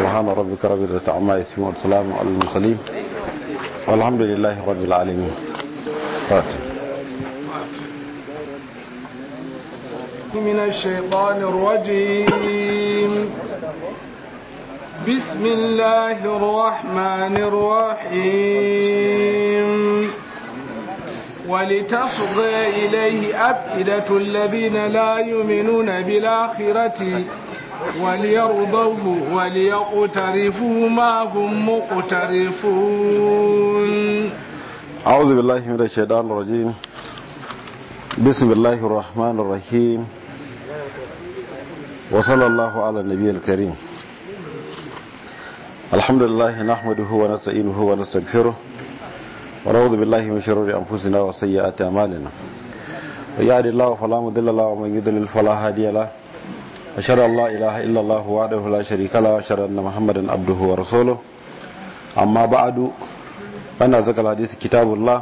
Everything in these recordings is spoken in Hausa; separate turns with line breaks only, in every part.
سبحان ربك رب العزة عما يصفون وسلام على المرسلين والحمد لله رب العالمين
من الشيطان الرجيم بسم الله الرحمن الرحيم ولتصغى إليه أفئدة الذين لا يؤمنون بالآخرة وليرضوه وليقترفوا ما هم مقترفون أعوذ بالله من الشيطان الرجيم بسم الله الرحمن
الرحيم وصلى الله على النبي الكريم الحمد لله نحمده ونستعينه ونستغفره ونعوذ بالله من شرور أنفسنا وسيئات أعمالنا ويهد الله فلا مضل له ومن يضلل فلا هادي له أشهد أن لا إله إلا الله وحده لا شريك له وأشهد أن محمدا عبده ورسوله أما بعد فإن أزكى الحديث كتاب الله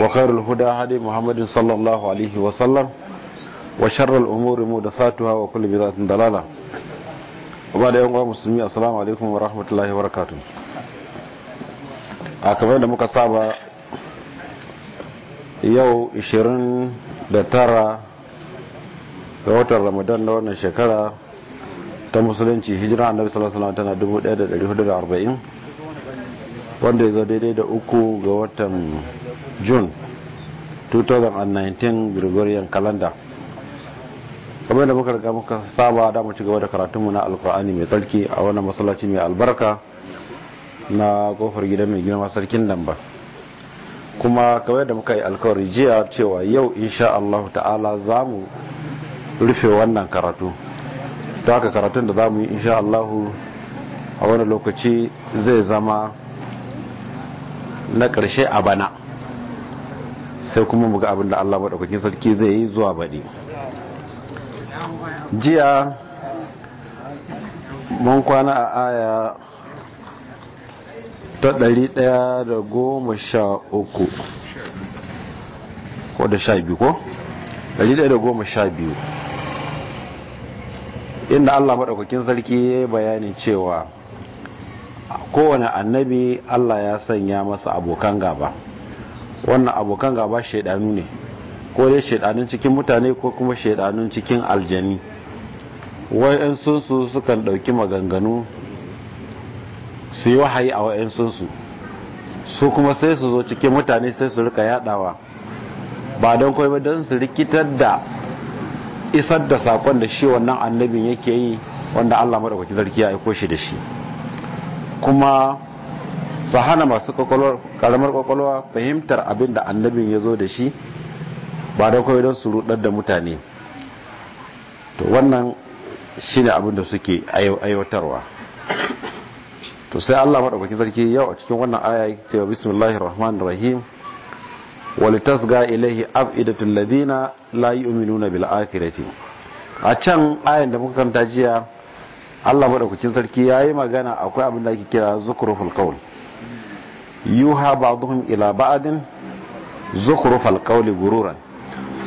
وخير الهدى هدي محمد صلى الله عليه وسلم وشر الأمور محدثاتها وكل بدعة ضلالة وبعد يوم مسلمين السلام عليكم ورحمة الله وبركاته أكبر لمكسابة yau 29 ga watan ramadan na wannan shekara ta musulunci hijira annabi sallallahu tana 1440 wanda ya zo daidai da uku ga watan june 2019 gregorian calendar kamar da muka riga muka saba da mu ci gaba da karatunmu na alkur'ani mai tsarki a wannan masallaci mai albarka na kofar gidan mai girma sarkin ba kuma kawai da muka yi alkawari jiya cewa yau insha Allah ta'ala za mu rufe wannan karatu ta haka karatun da za mu yi insha Allahu a wani lokaci zai zama na ƙarshe a bana sai kuma muga abin da Allah maɗaukakin sarki zai yi zuwa baɗi jiya mun kwana a aya ta ɗari ɗaya da goma sha uku ko da sha biyu ko? ɗari ɗaya da goma sha biyu inda Allah maɗaukakin sarki ya yi bayani cewa kowane annabi Allah ya sanya masa abokan gaba wannan abokan gaba shaidanu ne ko dai shaidanun cikin mutane ko kuma shaidanun cikin aljani wa'yansunsu sukan ɗauki maganganu su yi wahayi a wa'yansunsu su kuma sai su zo cikin mutane sai su rika yaɗawa ba don kwaiba don su rikitar da isar da sakon da shi wannan annabin yake yi wanda Allah madaukaki zarki ya aiko shi da shi kuma sahana masu karamar kwakwalwa fahimtar abin da annabin ya zo da shi ba da kawai don su da mutane to wannan shi ne abin da suke aiwatarwa to sai Allah madaukaki zarki yau a cikin wannan aya ya ce bismillahirrahmanirrahim rahim walitasga ilaihi af'idatul ladina la yu'minuna bil akhirati a can ayan da muka kanta jiya Allah madaukakin sarki yayi magana akwai abin da ake kira zukruful qawl yuha ba'dhum ila ba'din zukruful qawl gururan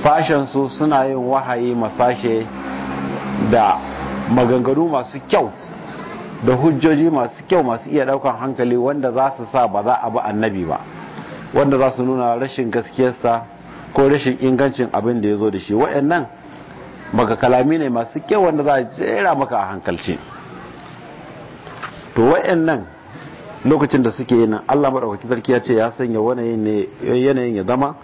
sashen su suna yin wahayi masashe da maganganu masu kyau da hujjoji masu kyau masu iya daukan hankali wanda za su sa ba za a bi annabi ba wanda za su nuna rashin gaskiyarsa ko rashin ingancin abin da ya zo da shi nan maka kalami ne masu kyau wanda za a jera maka a hankalci to nan lokacin da suke yi nan allah maɗaukaki sarki ya ce ya sanya yanayin ya zama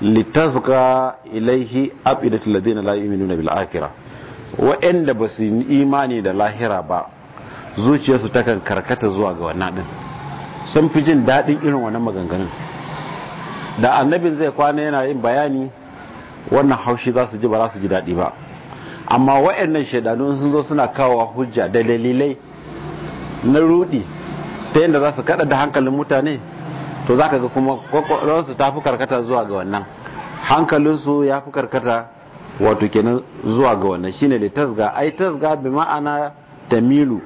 litazga ilaihi abidatul ladina la yu'minuna bil akhirah wa'anda ba su yi imani da lahira ba zuciyarsu ta kan karkata zuwa ga wannan din sun fi jin daɗin irin wannan maganganun da annabin zai kwana yana yin bayani wannan haushi za su ji ba za su ji daɗi ba amma wa'annan shaidanu sun zo suna kawo hujja da dalilai na rudi ta yadda za su kada da hankalin mutane to za ka ga kuma kwakwalwarsu ta fi karkata zuwa ga wannan hankalinsu ya fi karkata wato kenan zuwa ga wannan shine da tasga ai tasga bi ma'ana tamilu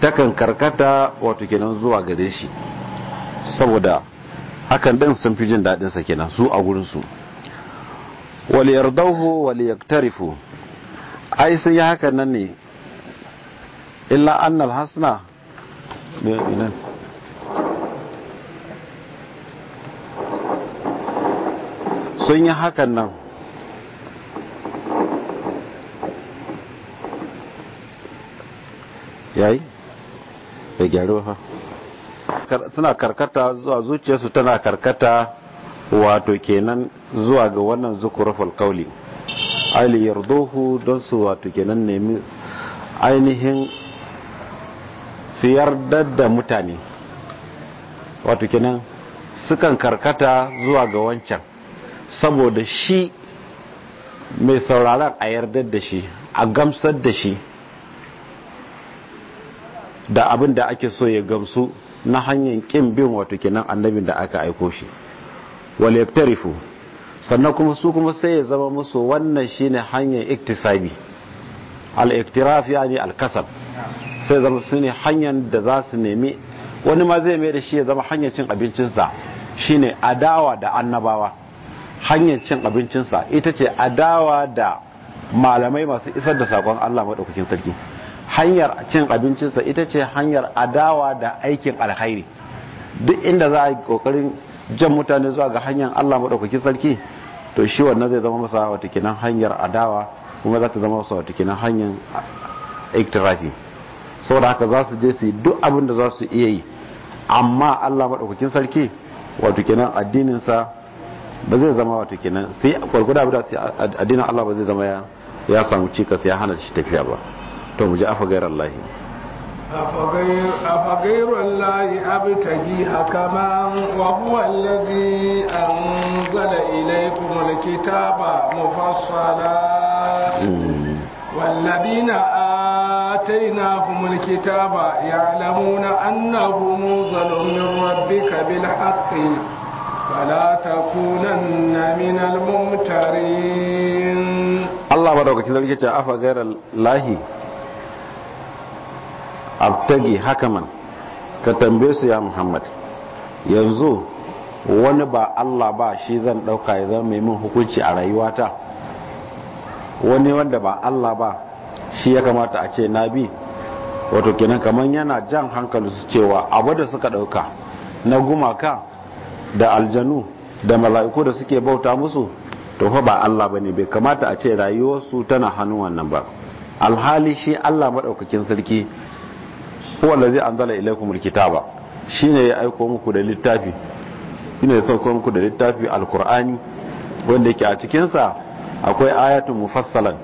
takan karkata wato kenan zuwa gare shi saboda hakan din sun fi jin daɗin sa kenan su a gurin su wal yardahu wal yaktarifu ai sun yi hakan nan ne illa annal hasna sun yi hakan nan yayi bai gyaru ba suna karkata zuwa zuciyarsu tana karkata wato kenan zuwa ga wannan zukurufal kauli ali yarduhu don su wato kenan nemi ainihin su yardar da mutane wato kenan sukan karkata zuwa ga wancan saboda shi mai sauraron a yarda da shi a gamsar da shi da abin da ake so ya gamsu na hanyar kin bin wato kenan annabin da aka aiko shi wal sannan kuma su kuma sai ya zama musu wannan shine hanyar iktisabi al iktiraf yani al kasab sai zama su ne hanyar da za su nemi wani ma zai mai da shi ya zama hanyar cin abincinsa shine adawa da annabawa hanyar cin abincinsa ita ce adawa da malamai masu isar da sakon Allah madaukakin sarki hanyar cin abincinsa ita ce hanyar adawa da aikin alkhairi duk inda za a yi kokarin jan mutane zuwa ga hanyar Allah maɗaukakin sarki to shi wannan zai zama masa wata kinan hanyar adawa kuma za ta zama masa wata kinan hanyar iktirafi saboda haka za su je su duk abin da za su iya yi amma Allah maɗaukakin sarki wato kenan addininsa ba zai zama wato kenan sai gwargwada abu da addinin Allah ba zai zama ya samu cikas ya hana shi tafiya ba to mu ji afagayar Allah
afagayar Allah abtagi hakama wa huwa allazi anzala ilaykum alkitaba mufassala
hmm.
wal ladina ataynahum alkitaba ya'lamuna annahu munzalun min rabbika bil haqqi fala takunanna min al mumtarin
Allah madaukakin sarki ce afagayar Allah abtagi hakaman ka tambaye su ya muhammad yanzu wani ba allah ba shi zan ɗauka ya zama mai min hukunci a rayuwata wani wanda ba allah ba shi ya kamata a ce na bi wato kenan kamar yana jan hankali su cewa abu da suka ɗauka na gumaka da aljanu da mala'iku da suke bauta musu to ba Allah bane bai kamata a ce rayuwarsu tana hannu wannan ba alhali shi Allah maɗaukakin sarki huwa zai anzala ilaykum alkitaba shine ya aiko muku da littafi ne ya sauko muku da littafi alqur'ani wanda yake a cikin sa akwai ayatun mufassalan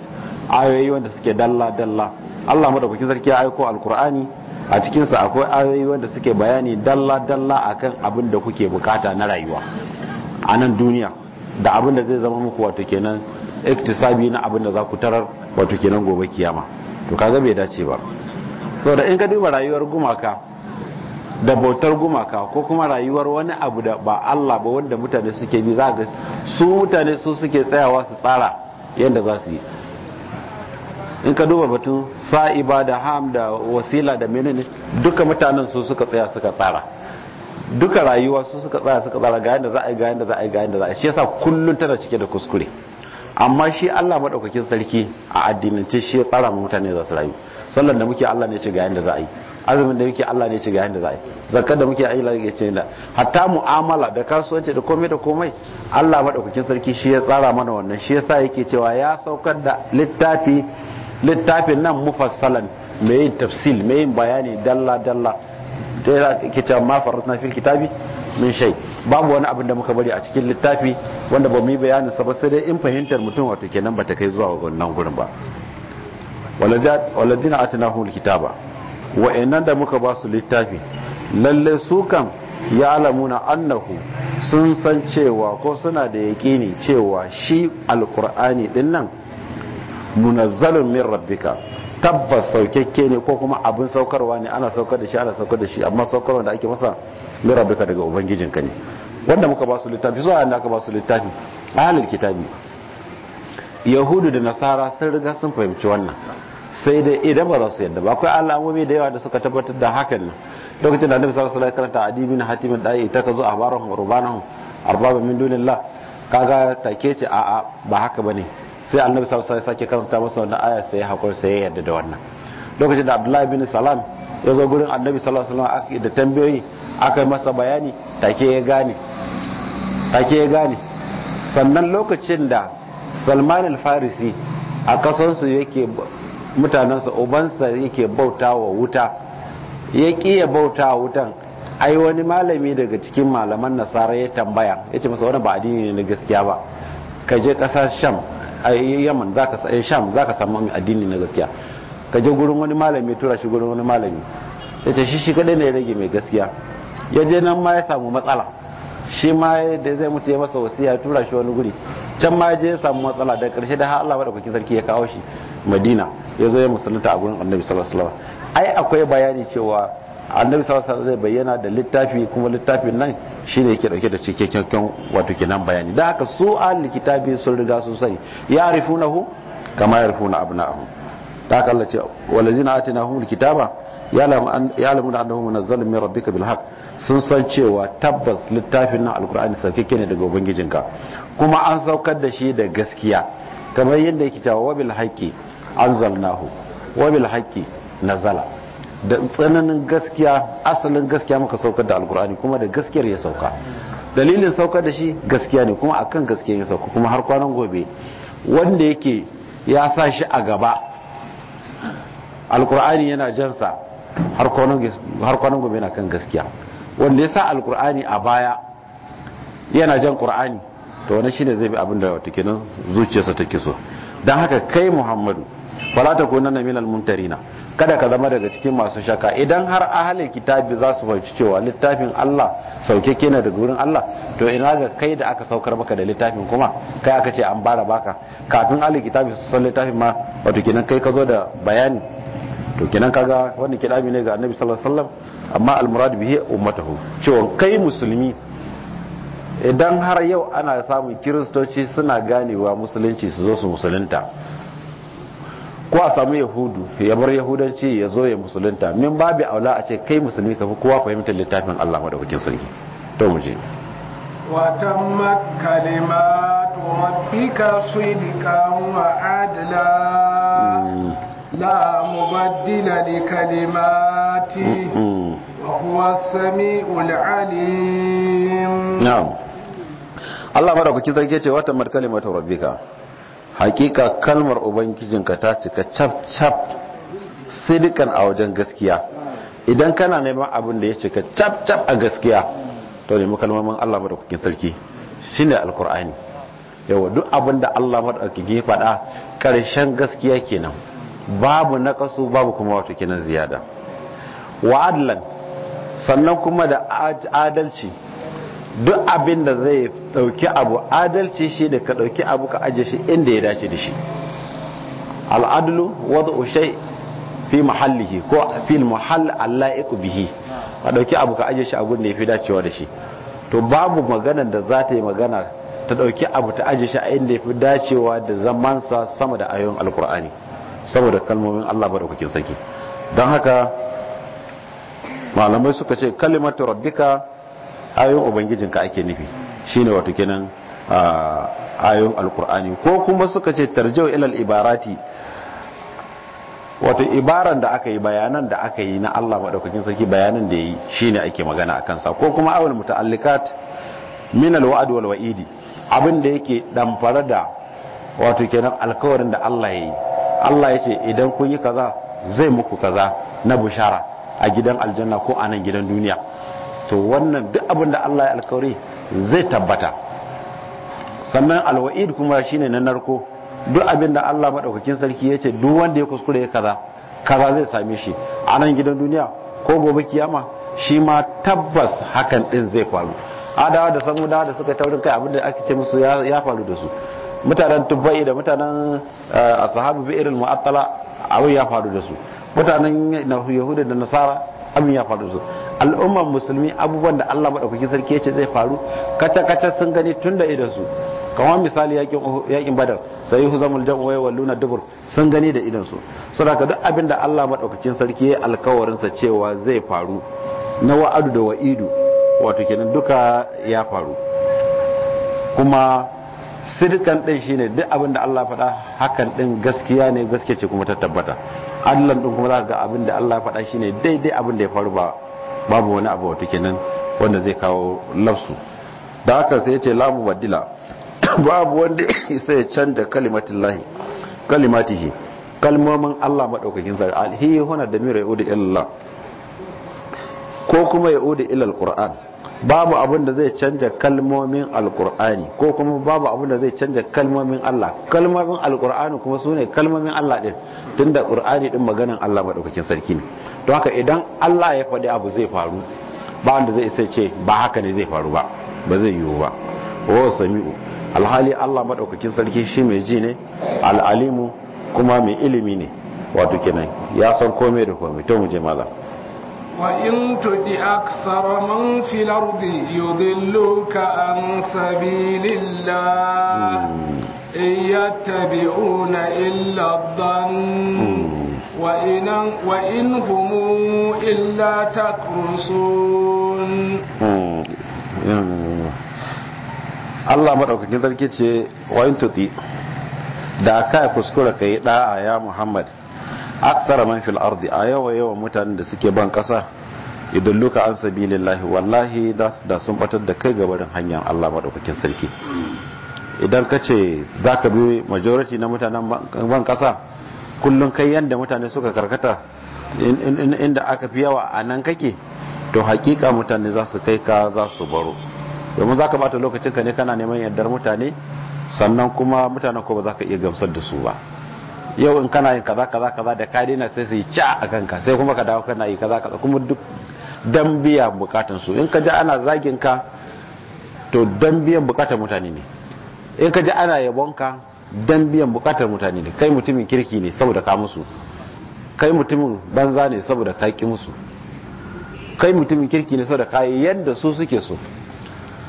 ayoyi wanda suke dalla dalla Allah madaukakin sarki ya aiko alqur'ani a cikin sa akwai ayoyi wanda suke bayani dalla dalla akan abin da kuke bukata na rayuwa a nan duniya da abin da zai zama muku wato kenan iktisabi na abin da za ku tarar wato kenan gobe kiyama to kaga bai dace ba sau da in ka duba rayuwar gumaka da bautar gumaka ko kuma rayuwar wani abu da ba Allah ba wanda mutane suke bi za ga su mutane su suke tsayawa su tsara yadda za su yi in ka duba batun sa'iba da ham da wasila da menene duka mutanen su suka tsaya suka tsara duka rayuwa su suka tsaya suka tsara ga yadda za a yi ga yadda za a yi ga yadda za a yi shi yasa kullun tana cike da kuskure amma shi Allah madaukakin sarki a addinance shi ya tsara mutane za su rayu sallar da muke Allah ne ce ga yanda za a yi azumin da muke Allah ne ce ga yanda za a yi zakkar da muke Allah ne ce da hatta mu'amala da kasuwanci da komai da komai Allah madaukakin sarki shi ya tsara mana wannan shi yasa yake cewa ya saukar da littafi littafin nan mufassalan mai yin tafsil mai yin bayani dalla dalla da ya ke ma farasna fil kitabi min shay babu wani abin da muka bari a cikin littafi wanda ba mu yi bayanin sa ba sai dai in fahimtar mutum wato kenan ba ta kai zuwa wannan gurin ba atina hul kitaba inan da muka basu littafi lalle su kan ya alamuna annahu sun san cewa ko suna da yaƙini cewa shi alkur'ani din nan munazzalun min rabbika tabbas saukakke ne ko kuma abin saukarwa ne ana saukar da shi ana saukar da shi amma saukarwa da ake masa min rabbika daga ubangijinka ne wanda muka basu littafi zuwa yanda aka ba su littafi ahlul kitabi yahudu da nasara sun riga sun fahimci wannan sai dai idan ba za su yadda ba akwai alamomi da yawa da suka tabbatar da hakan nan lokacin da annabi sallallahu alaihi wasallam karanta adibin hatimin da'i ka zo ahbarahum wa rubanahum arbab min dunillah kaga take ce a a ba haka bane sai annabi sallallahu alaihi wasallam sake karanta masa wannan aya sai ya hakuri sai ya yadda da wannan lokacin da abdullahi bin salam ya zo gurin annabi sallallahu alaihi wasallam da tambayoyi aka masa bayani take ya gane take ya gane sannan lokacin da salman al-farisi a kasansu yake mutanensa ubansa yake bauta wa wuta ya kiya bauta wa wutan ai wani malami daga cikin malaman nasara ya tambaya ya ce masa wani ba adini ne na gaskiya ba ka je kasar sham yaman za ka eh, sham za ka samu adini na gaskiya ka je gurin wani malami tura shi gurin wani malami ya ce shi shi kadai ne ya rage mai gaskiya ya je nan ma ya samu matsala shi ma da zai mutu ya masa ya tura shi wani guri can ma je ya samu matsala da karshe da Allah da madaukakin sarki ya kawo shi Madina ya zo ya musulunta a gurin Annabi sallallahu ai akwai bayani cewa Annabi sallallahu zai bayyana da littafi kuma littafin nan shine yake dauke da cikakken wato kenan bayani da haka su ahli kitabi sun riga sun sani ya'rifunahu kama na abna'ahum ta haka Allah ce walazina atinahumul kitaba ya'lamuna annahu munazzalun min rabbika bil haqq sun san cewa tabbas littafin nan alqur'ani sauke ne daga ubangijinka kuma an saukar da shi da gaskiya kamar yadda yake cewa wabil haqqi anzalnahu wabil haqqi nazala da tsananin gaskiya asalin gaskiya muka saukar da alqur'ani kuma da gaskiyar ya sauka dalilin saukar da shi gaskiya ne kuma akan gaskiya ya sauka kuma har kwanan gobe wanda yake ya sa shi a gaba alkur'ani yana jansa har kwanan gobe na kan gaskiya wanda ya sa alkur'ani a baya yana jan kur'ani to wani shine zai bi abin da wata kinan zuciyarsa take so don haka kai muhammadu falata ko nan minal na kada ka zama daga cikin masu shaka idan har ahalin kitabi za su fahimci cewa littafin Allah sauke kena daga wurin Allah to ina ga kai da aka saukar maka da littafin kuma kai aka ce an bara baka kafin ahalin kitabi su san littafin ma wato kenan kai ka zo da bayani to kenan kaga wannan kidami ne ga annabi sallallahu alaihi wasallam amma almurad bihi ummatuhu cewa kai musulmi idan har yau ana samun kiristoci suna ganewa musulunci su zo su musulunta ko a samu yahudu ya bar yahudanci ya zo ya musulunta min babu aula a ce kai musulmi ka fi kowa fahimtar littafin Allah madaukakin sarki to mu je
وتمت كلمات ربك صدقا وعدلا لا مبدل لكلماته mm-hmm. وهو السميع العليم
نعم
Allah madaukakin sarki ce wata كلمة ربك حقيقة hakika kalmar ubangijinka ta cika cap cap sidikan a wajen gaskiya idan kana neman abin da ya cika cap cap a gaskiya to nemi kalmomin Allah madaukakin sarki shine alqur'ani yawa duk abin da Allah madaukakin ya faɗa ƙarshen gaskiya kenan babu nakasu babu kuma wato kinan ziyada wa adlan sannan kuma da adalci duk abin da zai dauki abu adalci shi da ka dauki abu ka aje shi inda ya dace da shi al'adlu wadu shay fi mahallihi ko fil mahall Allah ku bihi ka dauki abu ka aje shi a gurin da ya fi dacewa da shi to babu maganar da za ta yi magana ta dauki abu ta aje shi a inda ya fi dacewa da zamansa sama da ayoyin alqur'ani saboda kalmomin Allah madaukakin sarki don haka malamai suka ce kalimatu rabbika ayon ubangijinka ake nufi shine wato kenan ayon alkur'ani ko kuma suka ce tarjau ilal ibarati wato ibaran da aka yi bayanan da aka yi na Allah madaukakin sarki bayanan da yi shine ake magana akan sa ko kuma awal muta'allikat min alwa'd wal wa'idi abin da yake damfara da wato kenan alkawarin da Allah ya yi Allah ya ce idan kun yi kaza zai muku kaza na bushara a gidan aljanna ko a nan gidan duniya to wannan duk abin da Allah ya alkawari zai tabbata sannan alwa'id kuma shine na narko duk abin da Allah madaukakin sarki ya ce duk wanda ya kuskure ya kaza kaza zai same shi a nan gidan duniya ko gobe kiyama shi ma tabbas hakan din zai faru adawa da samu da suka taurin kai abin da ake ce musu ya faru da su mutanen tubba'i da mutanen eh, ashabu bi irin mu'attala abin ya faru da su mutanen yahuda da nasara abin ya faru da su al'ummar musulmi abubuwan da Allah madaukakin sarki ce zai faru kaca kaca sun gani tun da idan su kamar misali yakin badar sai zamul jam'u wa luna dubur sun gani da idan su saboda duk abin da Allah madaukakin sarki ya alkawarin sa cewa zai faru na wa'adu da wa'idu wato kenan duka ya faru kuma sirkan ɗin shine duk abin Allah faɗa hakan ɗin gaskiya ne gaskiya ce kuma ta tabbata Allah ɗin kuma zaka ga abinda da Allah faɗa shine daidai abin da ya faru ba babu wani abu wato kenan wanda zai kawo lafsu da haka sai ya ce lamu badila babu wanda sai ya canja kalimatillahi kalimatihi kalmomin Allah madaukakin sarki alhi da mira yaudu Allah ko kuma yaudu ilal babu abin da zai canja kalmomin alkur'ani ko kuma babu abin da zai canja kalmomin Allah kalmomin alkur'ani kuma su ne kalmomin Allah tun tunda Ƙur'ani ɗin maganan Allah maɗaukakin sarki ne don haka idan Allah ya faɗi abu zai faru ba wanda zai isa ce ba haka ne zai faru ba ba zai yiwu ba o sami'u alhali Allah maɗaukakin sarki shi mai ji ne al'alimu kuma mai ilimi ne wato kenan ya san komai da komai to mu je malam
وإن تد أكثر من في الأرض يضلوك عن سبيل الله إن يتبعون إلا الظن وإن, وإن هم إلا تكرسون
Allah maɗaukakin sarki ce wa yin tuti da ka kuskura ka yi ɗa'a ya Muhammad aktsara man fil ardi a yawa yawa mutanen da suke ban kasa idulluka an sabilillahi wallahi da sun batar da kai gabarin hanyar Allah madaukakin sarki idan kace zaka za bi majority na mutanen ban kasa kullum kai yadda mutane suka karkata inda aka fi yawa a nan kake to hakika mutane za su kai ka za su baro domin za ka bata lokacinka ne kana neman yardar mutane sannan kuma mutanen ko ba za ka iya gamsar da su ba yau in kana yin kaza kaza kaza da ka na sai su yi ca a kanka sai kuma ka dawo kana yi kaza kaza kuma duk dan biya bukatun su in ka ji ana zagin ka to dan biyan bukatar mutane ne in ka ji ana yabon ka dan biyan bukatar mutane ne kai mutumin kirki ne saboda ka musu kai mutumin banza ne saboda ka ki musu kai mutumin kirki ne saboda ka yi yadda su suke so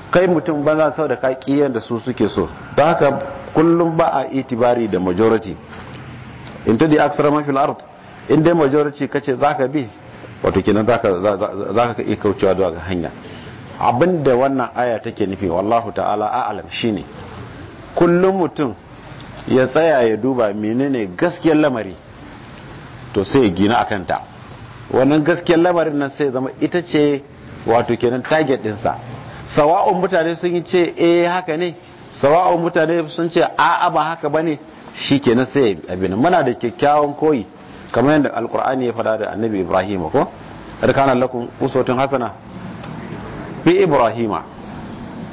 kai mutum banza saboda ka ki yadda su suke so don haka kullum ba a itibari da majority in tudi aksara mafi al'ard in dai majority kace zaka bi wato kenan zaka zaka iya kaucewa zuwa ga hanya abinda wannan aya take nufi wallahu ta'ala a'lam shine kullum mutum ya tsaya ya duba menene gaskiyar lamari to sai ya gina akan ta wannan gaskiyar lamarin nan sai zama ita ce wato kenan target dinsa sawa'un mutane sun yi ce eh haka ne sawa'un mutane sun ce a'a ba haka bane shi ke na sai abin muna da kyakkyawan koyi kamar yadda alkur'ani ya fada da annabi ibrahim ko arkana lakun uswatun hasana bi ibrahima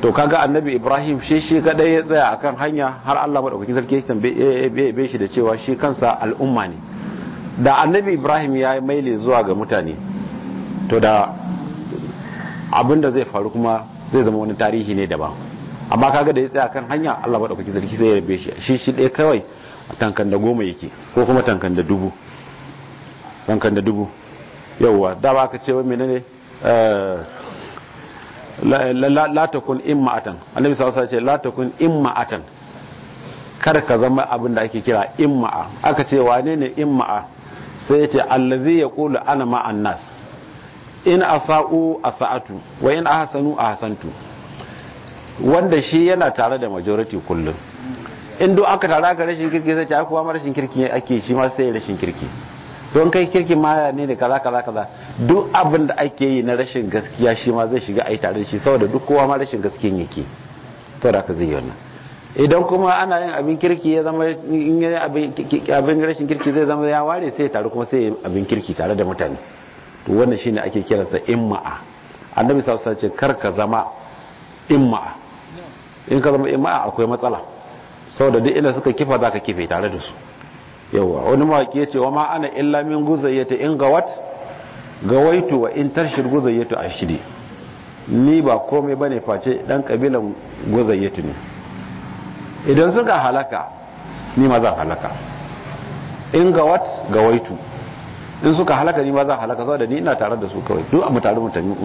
to kaga annabi ibrahim shi shi kadai ya tsaya a kan hanya har Allah madaukakin sarki ya tambaye shi da cewa shi kansa al'umma ne da annabi ibrahim ya maile zuwa ga mutane to da abinda zai faru kuma zai zama wani tarihi ne daban amma kaga da ya tsaya kan hanya Allah madaukaki sarki sai ya rabe shi shi shi ɗaya kawai tankan da goma yake ko kuma tankan da dubu tankan da dubu yawwa da ba ka ce wa menene eh, la takun imma'atan annabi sallallahu alaihi wasallam ce la takun imma'atan kar ka zama abin da ake kira imma'a aka ce wane ne imma'a sai yace allazi yaqulu ana ma'an nas in asa'u asa'atu wa in ahsanu ahsantu wanda shi yana tare da majority kullum in do aka tare aka rashin kirki sai ta kuwa ma rashin kirki ake shi ma sai rashin kirki don kai kirki ma ya ne da kaza kaza kaza duk abin da ake yi na rashin gaskiya shi ma zai shiga ai tare da shi saboda duk kowa ma rashin gaskiyan yake to da ka zai wannan idan kuma ana yin abin kirki ya zama in yi abin rashin kirki zai zama ya ware sai taru kuma sai abin kirki tare da mutane to wannan shine ake kiransa imma'a annabi sallallahu alaihi wasallam ce kar ka zama imma in ka zama imma akwai matsala saboda duk ina suka kifa za ka kife tare da su yawa wani mawaki ya ce wa ma ana illa min guzayyata in ga wat ga waitu wa in tarshir guzayyatu ashidi ni ba komai ne face dan kabilan guzayyatu ne idan suka halaka ni ma zan halaka in ga wat ga waitu in suka halaka ni ma zan halaka saboda ni ina tare da su kawai duk a mutare mutane mu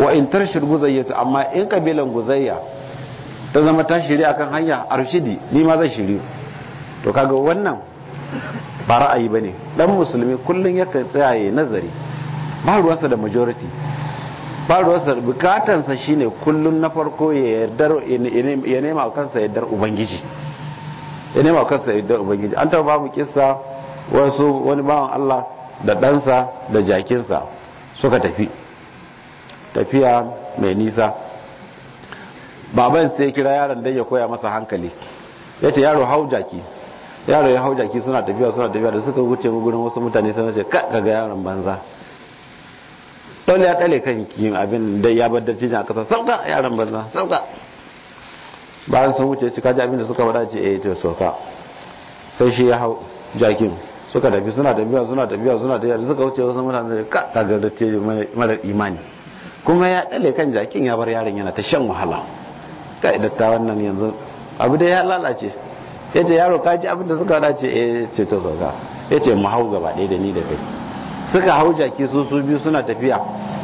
wa in tarshir guzayyatu amma in kabilan guzayya ta zama ta shiri akan hanya arshidi ni ma zai shiri to kaga wannan ba ra'ayi bane dan musulmi kullun yaka tsaye nazari ba ruwansa da majority ba ruwansa bukatansa shine kullun na farko ya yarda ya nema kansa yardar ubangiji ya nema kansa yardar ubangiji an taba babu kissa wasu wani bawan Allah da ɗansa da jakinsa suka tafi tafiya mai nisa baban sai kira yaron dai ya koya masa hankali ya ce yaro hau jaki yaro ya hau jaki suna tafiya suna tafiya da suka wuce gurin wasu mutane sun ce ga yaron banza dole ya tsale kan yin abin da ya bar dattijin a kasa sauka yaron banza sauka bayan sun wuce cika ji abin da suka wadace eh to sauka sai shi ya hau jakin suka tafi suna tafiya suna tafiya suna tafiya da suka wuce wasu mutane ka ga dattijin mara imani kuma ya dale kan jakin ya bar yaron yana ta shan wahala kai dattawan wannan yanzu abu da ya lalace ya ce yaro kaji abin da suka dace eh ce ta sauka ya ce mu hau gaba ɗaya da ni da kai suka hau jaki su su biyu suna tafiya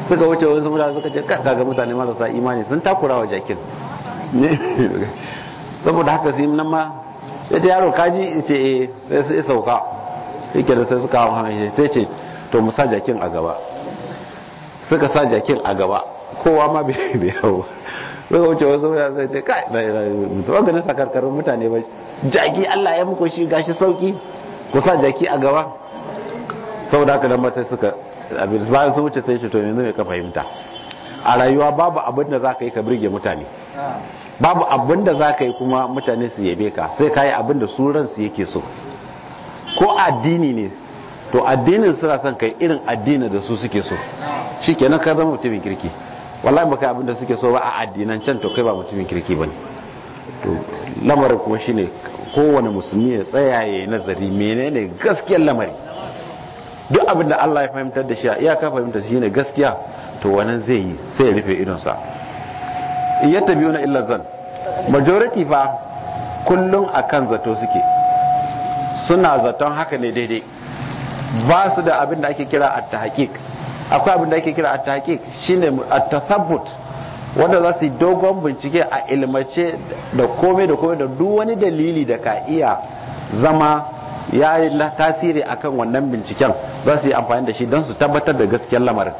suka wuce wasu mutane suka ce kaga mutane marasa imani sun takura wa jakin saboda haka sai nan ma ya ce yaro kaji ce eh sai sauka yake da sai suka hau hannun sai ce to musa jakin a gaba suka sa jakin a gaba kowa ma bai hau suka wuce wasu ya zai ce kai na ila mutuwa ganin sakarkarin mutane ba jaki allah ya muku shi gashi sauki ku sa jaki a gaba sau da aka lamar sai suka bayan sun wuce sai shi to yanzu mai ka fahimta a rayuwa babu abin da za ka yi ka birge mutane babu abin da za ka yi kuma mutane su yabe ka sai ka yi abin da su su yake so ko addini ne to addinin suna son kai irin addinin da su suke so shi kenan nan zama mutumin kirki wallahi baka abin da suke so ba a addinan can to kai ba mutumin kirki ba ne to lamarin kuma shine kowane musulmi ya tsaya ya nazari menene gaskiyar lamari duk abin da Allah ya fahimtar da shi a iyaka fahimtar shi ne gaskiya to wannan zai yi sai ya rufe idon sa. ya tabi wani illa zan majority fa kullum a kan zato suke suna zaton haka ne daidai ba su da abin da ake kira at akwai abin da ake kira at shi ne at-tathabbut wanda za su yi dogon bincike a ilmace da komai da komai da duk wani dalili da ka iya zama ya yi tasiri akan wannan binciken za su yi amfani da shi don su tabbatar da gaskiyar lamarin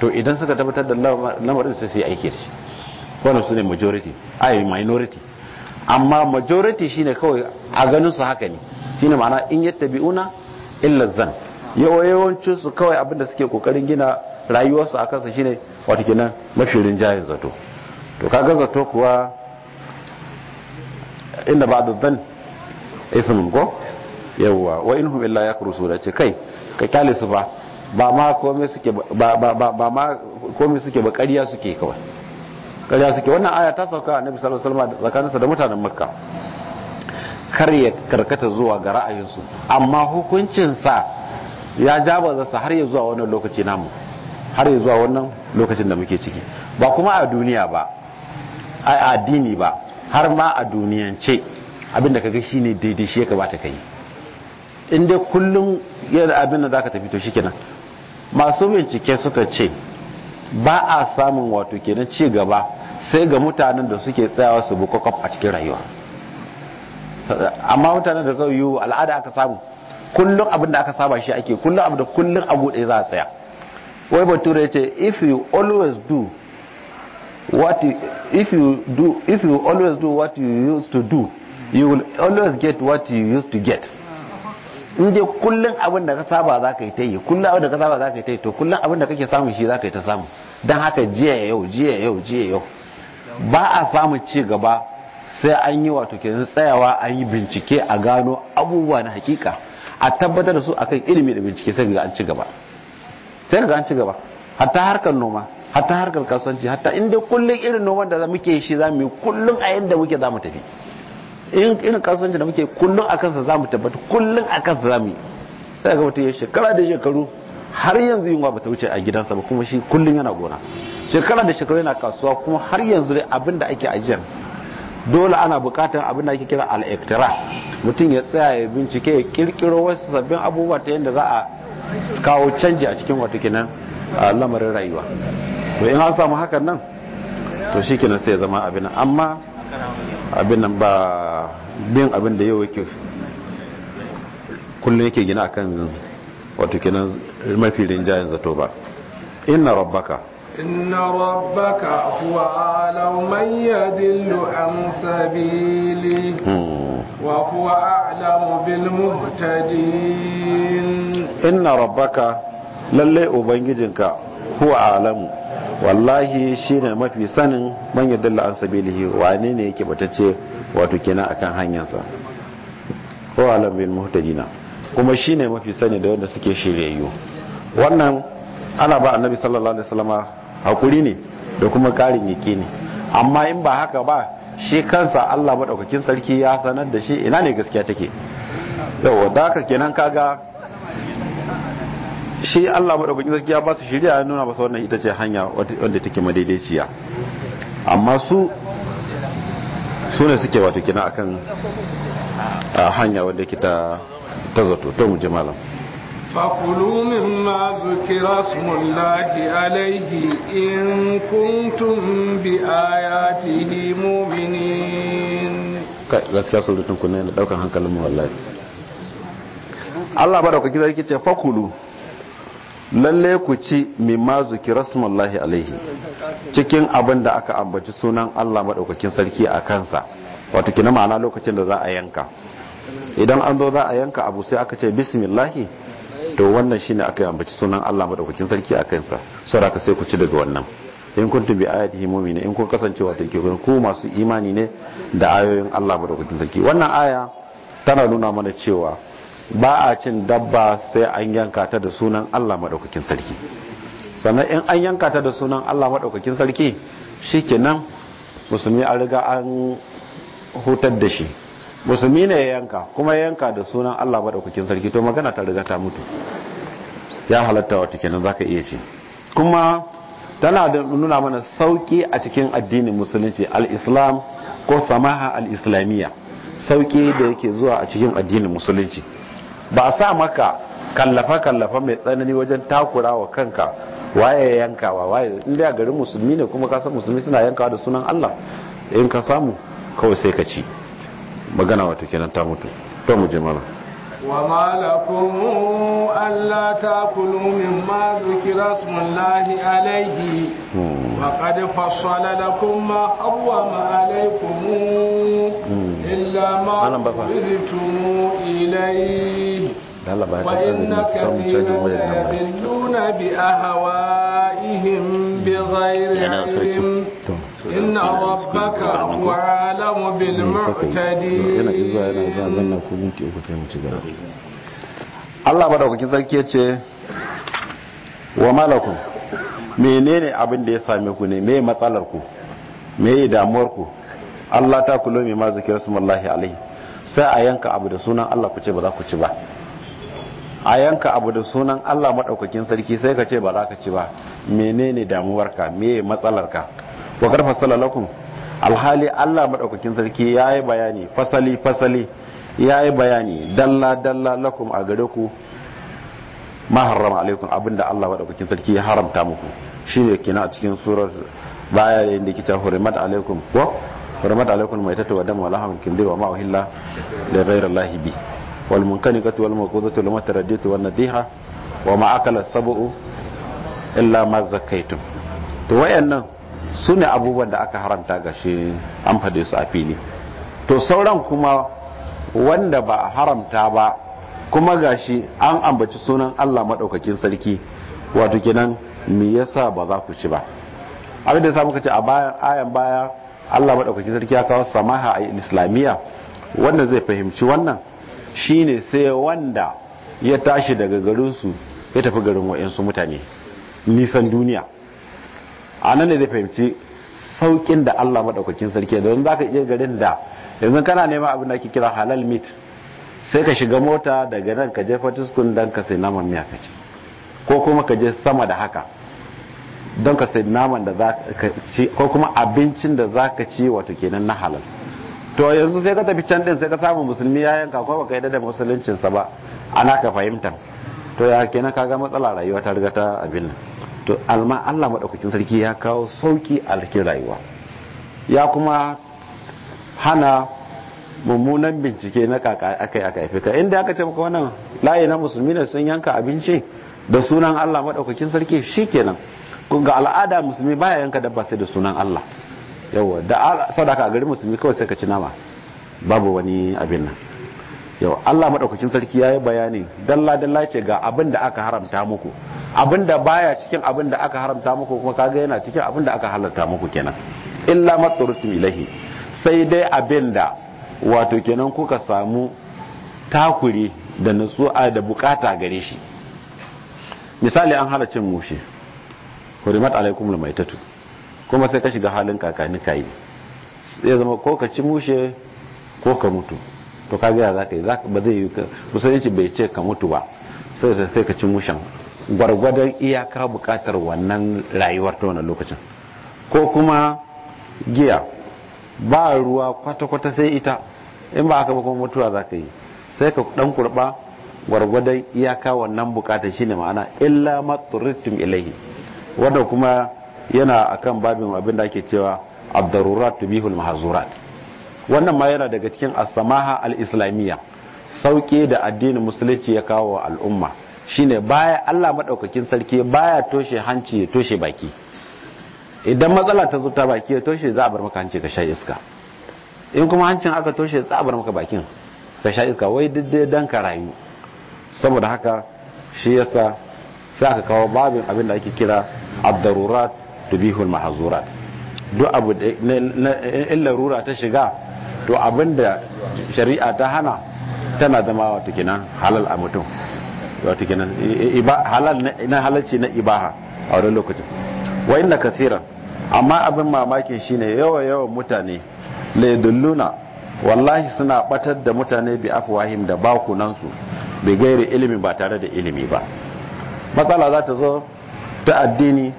to idan suka tabbatar da lamarin su yi aiki da shi wannan su ne majority ai minority amma majority shine kawai a ganin su haka ne shi ne ma'ana in bi'una illar zan yawancin su kawai abin da suke kokarin gina rayuwarsu a kansa shine wata gina mafi rinjayen zato to kaga zato kuwa inda ba da zan isin ko yawwa wa inhum illa kuru da ce kai ka kyale su ba ba ma komai suke ba ba ma komai suke ƙarya suke kawai ƙarya suke wannan aya ta sauka annabi sallallahu alaihi wasallam tsakaninsa da mutanen makka kar ya karkata zuwa ga ra'ayinsu amma hukuncinsa ya zasta har ya zuwa wannan lokaci namu har ya zuwa wannan lokacin da muke ciki ba kuma a duniya ba a addini ba har ma a duniyance abinda kaga shine daidai shi ya kamata kai in dai kullum yana abin da zaka tafi to kenan masu bincike suka ce ba a samun wato kenan ci gaba sai ga mutanen da suke tsayawa su bi kwakwaf a cikin rayuwa amma mutanen da zai yiwu al'ada aka samu kullum abin da aka saba shi ake kullum abin da kullum abu ɗaya za a tsaya wai bature ya ce if you always do what you, if you do if you always do what you used to do you will always get what you used to get in dai kullum abin da ka saba za ka yi ta yi kullum abin da ka saba za ka yi ta yi to kullum abin da kake samu shi za ka yi ta samu don haka jiya yau jiya yau jiya yau ba a samu ci gaba sai an yi wato ke tsayawa an yi bincike a gano abubuwa na hakika a tabbatar da su akan ilimi da bincike sai ga an ci gaba sai ga an ci gaba hatta harkar noma hatta harkar kasuwanci hatta inda kullum irin noman da muke shi za mu yi kullum a yadda muke za mu tafi irin kasuwanci da muke kullum a kansa za mu tabbata kullum a kansa za mu yi sai ga mutum ya shekara da shekaru har yanzu yunwa ba ta wuce a gidansa ba kuma shi kullum yana gona shekara da shekaru yana kasuwa kuma har yanzu dai abin da ake ajiyar dole ana bukatar abin da ake kira alektira mutum ya tsaya ya bincike ya kirkiro wasu sabbin abubuwa ta yadda za a kawo canji a cikin wata kinan lamarin rayuwa to in an samu hakan nan to shi kinan sai zama abin amma abin nan ba bin abin da yau yake kullum yake gina akan wata kinan mafi rinjayen zato ba inna rabbaka
إن ربك هو أعلم من يدل عن سبيله وهو أعلم بالمهتدين
إن ربك للي أبنجدك هو أعلم والله شين ما في سن من يدل عن سبيله وعنيني yake batacce wato kenan akan hanyarsa ko alam bil muhtadina kuma shine mafi sani da wanda suke shirye shiryayyu wannan ana ba annabi sallallahu alaihi wasallama hakuri ne da kuma karin yake ne amma in ba haka ba shi kansa Allah madaukakin sarki ya sanar da shi ina ne gaskiya take yawa da haka kenan kaga shi Allah madaukakin sarki ya ba su ya nuna su wannan ita ce hanya wanda take madaidaiciya amma su su ne suke wato kina akan ah, hanya wanda ta zato to mu ji malam
فقلوا مما ذكر اسم الله عليه إن كنتم بآياته مؤمنين
gaskiya surutun ku ne da daukan hankalin mu wallahi Allah madaukaki sarki ce fakulu lalle ku ci mimma zukira smallahi alaihi cikin abin da aka ambaci sunan Allah maɗaukakin sarki a kansa wato kina ma'ana lokacin da za a yanka idan an zo za a yanka abu sai aka ce bismillahi to wannan shine aka yi ambaci sunan Allah madaukakin sarki a kansa ka sai ku ci daga wannan in kuntum bi ayatihi mu'minin in kun kasance wa take ke ku masu imani ne da ayoyin Allah madaukakin sarki wannan aya tana nuna mana cewa ba a cin dabba sai an yanka ta da sunan Allah madaukakin sarki sannan in an yanka ta da sunan Allah madaukakin sarki shikenan musulmi an riga an hutar da shi musulmi ne ya yanka kuma ya yanka da sunan Allah maɗaukakin sarki to magana ta riga ta mutu ya halatta wata kenan zaka iya ce kuma tana da nuna mana sauki a cikin addinin musulunci al-islam ko samaha al-islamiyya sauki da yake zuwa a cikin addinin musulunci ba a sa maka kallafa kallafa mai tsanani wajen takura wa kanka waye yankawa waye inda garin musulmi ne kuma ka san musulmi suna yankawa da sunan Allah in ka samu kawai sai ka ci magana wata kenan ta mutu to mu je mana
wa ma lakum alla takulu mimma zikra smullahi alayhi hmm. wa qad fassala lakum ma harrama alaykum hmm. illa ma ridtum ilayhi وإن كثيرا يضلون بأهوائهم بغير علم إن ربك
هو عالم بالمعتدين Allah madaukakin sarki ce wa malakun menene abin da ya same ku ne meye matsalar ku meye damuwar ku Allah ta kulo mai ma zikir su alaihi sai a yanka abu da sunan Allah ku ce ba za ku ci ba a yanka abu da sunan Allah madaukakin sarki sai ka ce ba za ka ci ba menene damuwarka meye matsalarka wa karfa salalakum alhali Allah madaukakin sarki yayi bayani fasali fasali yayi bayani dalla dalla lakum a gare ku ma harrama alaikum abinda Allah madaukakin sarki ya haramta muku shine kina a cikin surar baya da yadda kita hurmat alaikum ko hurmat alaikum mai tatawa dan wala hamun dai wa ma wahilla da ghairi Allah bi wal munkanikatu wal maqudatu lam taraddatu wan nadiha wa ma akala sab'u illa ma zakaitum to wayannan su ne abubuwan da aka haramta ga shi an fade su a fili to sauran kuma wanda ba a haramta ba kuma ga shi an ambaci sunan allah maɗaukakin sarki wato kenan me yasa ba za ku ci ba abin da ya samu ce a bayan ayan baya allah maɗaukakin sarki ya kawo samaha a islamiyya wanda zai fahimci wannan shine sai wanda ya tashi daga garinsu ya tafi garin wa'insu mutane nisan duniya a nan ne zai fahimci saukin da Allah maɗaukakin sarki za ka iya garin da yanzu kana neman abin da ake kira halal meat sai ka shiga mota daga nan ka je fatiskun don ka sai naman miya ka ci ko kuma ka je sama da haka don ka sai naman da za ka ci ko kuma abincin da za ka ci wato kenan na halal to yanzu sai ka tafi can din sai ka samu musulmi ya yanka ko baka yadda da musuluncinsa ba ana ka fahimta to ya kenan ka ga matsala rayuwa ta riga ta abin nan to alma Allah madaukakin sarki ya kawo sauki a cikin rayuwa ya kuma hana mummunan bincike na kaka akai aka haife ka inda aka ce maka wannan layi na musulmi ne sun yanka abinci da sunan Allah madaukakin sarki shikenan kun ga al'ada musulmi baya yanka dabba sai da sunan Allah yawa da sadaka a gari musulmi kawai sai ka ci nama babu wani abin nan yau Allah maɗaukacin sarki yayi bayani dalla dalla ce ga abin da aka haramta muku abin da baya cikin abin da aka haramta muku kuma kaga yana cikin abin da aka halarta muku kenan illa matsurtum ilahi sai dai abin da wato kenan kuka samu takuri da nutsuwa da bukata gare shi misali an halacin cin mushe hurimat alaikum lamaitatu kuma sai ka shiga halin kakani kai sai zama ko ka ci mushe ko ka mutu to ka gaya za ka yi ba zai yi musulunci bai ce ka mutu ba sai ka ci mushen gwargwadon iyaka bukatar wannan rayuwar ta wannan lokacin ko kuma giya ba ruwa kwata-kwata sai ita in ba aka ba kuma mutuwa za ka yi sai ka dan kurba gwargwadon iyaka wannan bukatar shine ma'ana illa maturitim ilaihi wanda kuma yana akan babin abin da ake cewa abdarurat bihul mahzurat wannan ma yana daga cikin asamaha al-islamiyya sauke da addinin musulunci ya kawo wa al'umma shine baya Allah madaukakin sarki baya toshe hanci ya toshe baki idan matsala ta zo ta baki ya toshe za a bar maka hanci ka sha iska in kuma hancin aka toshe za a bar maka bakin ka sha iska wai daidai dan ka rayu saboda haka shi yasa sai aka kawo babin abin da ake kira ad-darurat tubihul mahzurat duk abu da illa rura ta shiga to abin da shari'a ta hana tana zama wata kenan halal a mutum wata kenan halal na halarci na ibaha a wani lokacin wa na kasiran amma abin mamakin shine yawa yawan mutane laidulluna wallahi suna batar da mutane bi afuwahim da bakunansu bai bi gairi ilimi ba tare da ilimi ba matsala za ta zo ta addini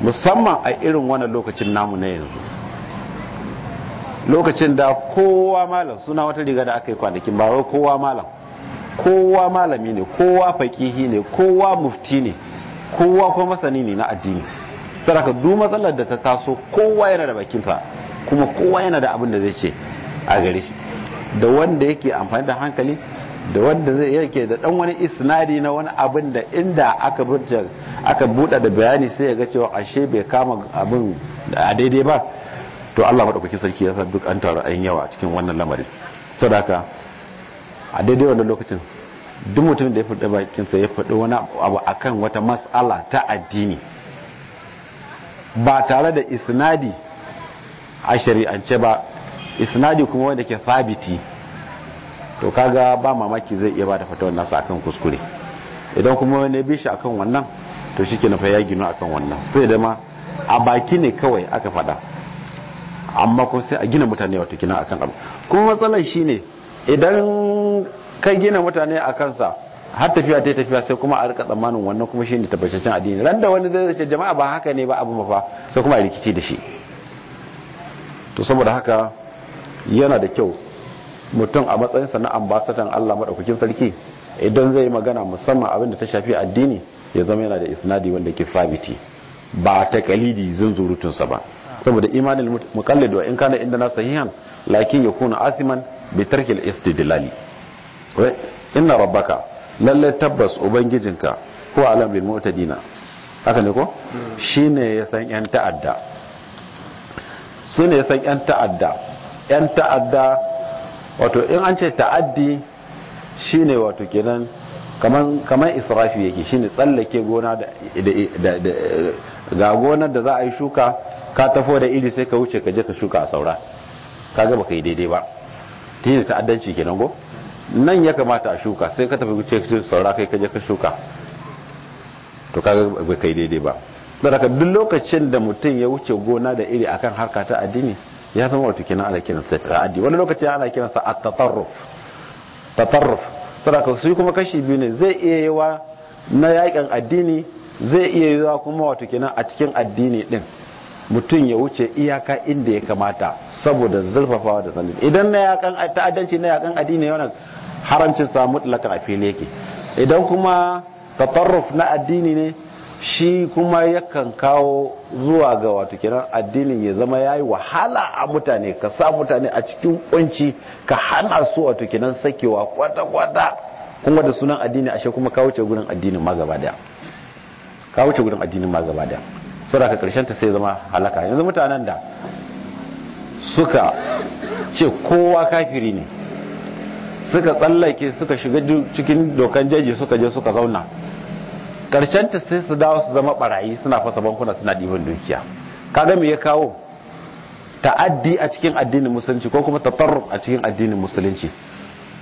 musamman a irin wannan lokacin namu na yanzu lokacin da kowa malam suna wata riga da aka yi kwanakin ba wai kowa malam kowa malami ne kowa fakihi ne kowa mufti ne kowa kuma masani ne na addini saraka duk matsalar da ta taso kowa yana da bakinsa kuma kowa yana da abin da zai ce a gare shi da wanda yake amfani da hankali da wanda zai yake da dan wani isnadi na wani abin da inda aka bude da bayani sai ya ga cewa ashe bai kama abin a daidai ba to Allah madaukakin sarki ya san duk an taru ayin yawa a cikin wannan lamarin haka a daidai wannan lokacin duk mutumin da ya fada sa ya fada wani abu akan wata mas'ala ta addini ba tare da isnadi a shari'ance ba isnadi kuma wanda ke fabiti to kaga ba mamaki zai iya ba da fatawar nasa akan kuskure idan kuma wani bi shi akan wannan to shi ke nufa ya gino akan wannan sai dama a baki ne kawai aka fada amma kuma sai a gina mutane gina a akan abu kuma matsalar shine idan ka gina mutane a kansa har tafiya ta yi tafiya sai kuma a rika tsammanin wannan kuma shine tabbataccen addini ran da wani zai zace jama'a ba haka ne ba abu mafa sai kuma a rikici da shi to saboda haka yana da kyau mutum a matsayinsa na ambasadan Allah madaukakin sarki idan zai magana musamman abin da ta shafi addini ya zama yana da isnadi wanda ke fabiti ba ta kalidi zunzurutunsa ba saboda imanin muqallid wa in kana na sahihan lakin yakunu asiman bi tarkil al-istidlali inna rabbaka lalle tabbas ubangijinka ko alam bil mu'tadina haka ne ko shine ya san yan ta'adda su san yan ta'adda yan ta'adda wato in an ce ta'addi shine wato kenan kamar israfi yake shine tsallake gona da ga gonar da za a yi shuka ka tafo da iri sai ka wuce ka je ka shuka a saura ka gaba ka yi daidai ba sa'adanci ta'addanci kenan go nan ya kamata a shuka sai ka tafi wuce ka saura kai ka je ka shuka to ka gaba ka yi daidai ba saboda duk lokacin da mutum ya wuce gona da iri akan harka ta addini ya san wato kina ana kiran sa ta'addi wani lokaci ana kina sa at-tatarruf tatarruf saboda su kuma kashi biyu ne zai iya yawa na yakin addini zai iya yawa kuma wato kina a cikin addini din mutum ya wuce iyaka inda ya kamata saboda zurfafawa da tsanani idan na yakan ta'addanci na yakan addini yana haramcin sa mutlaka a fili yake idan kuma tatarruf na addini ne shi kuma yakan kawo zuwa ga wato kiran addinin ya zama yayi wahala a mutane ka sa mutane a cikin kunci ka hana su wato kiran sakewa kwata kwata kuma da sunan addini ashe kuma ka wuce gurin addinin ma gaba daya ka wuce gurin addinin ma gaba daya saboda karshen ta sai zama halaka yanzu mutanen da suka ce kowa kafiri ne suka tsallake suka shiga cikin dokan jeji suka je suka zauna karshen ta sai su dawo su zama barayi suna fasa bankuna suna ɗiban dukiya kaga me ya kawo ta'addi a cikin addinin musulunci ko kuma tatarruf a cikin addinin musulunci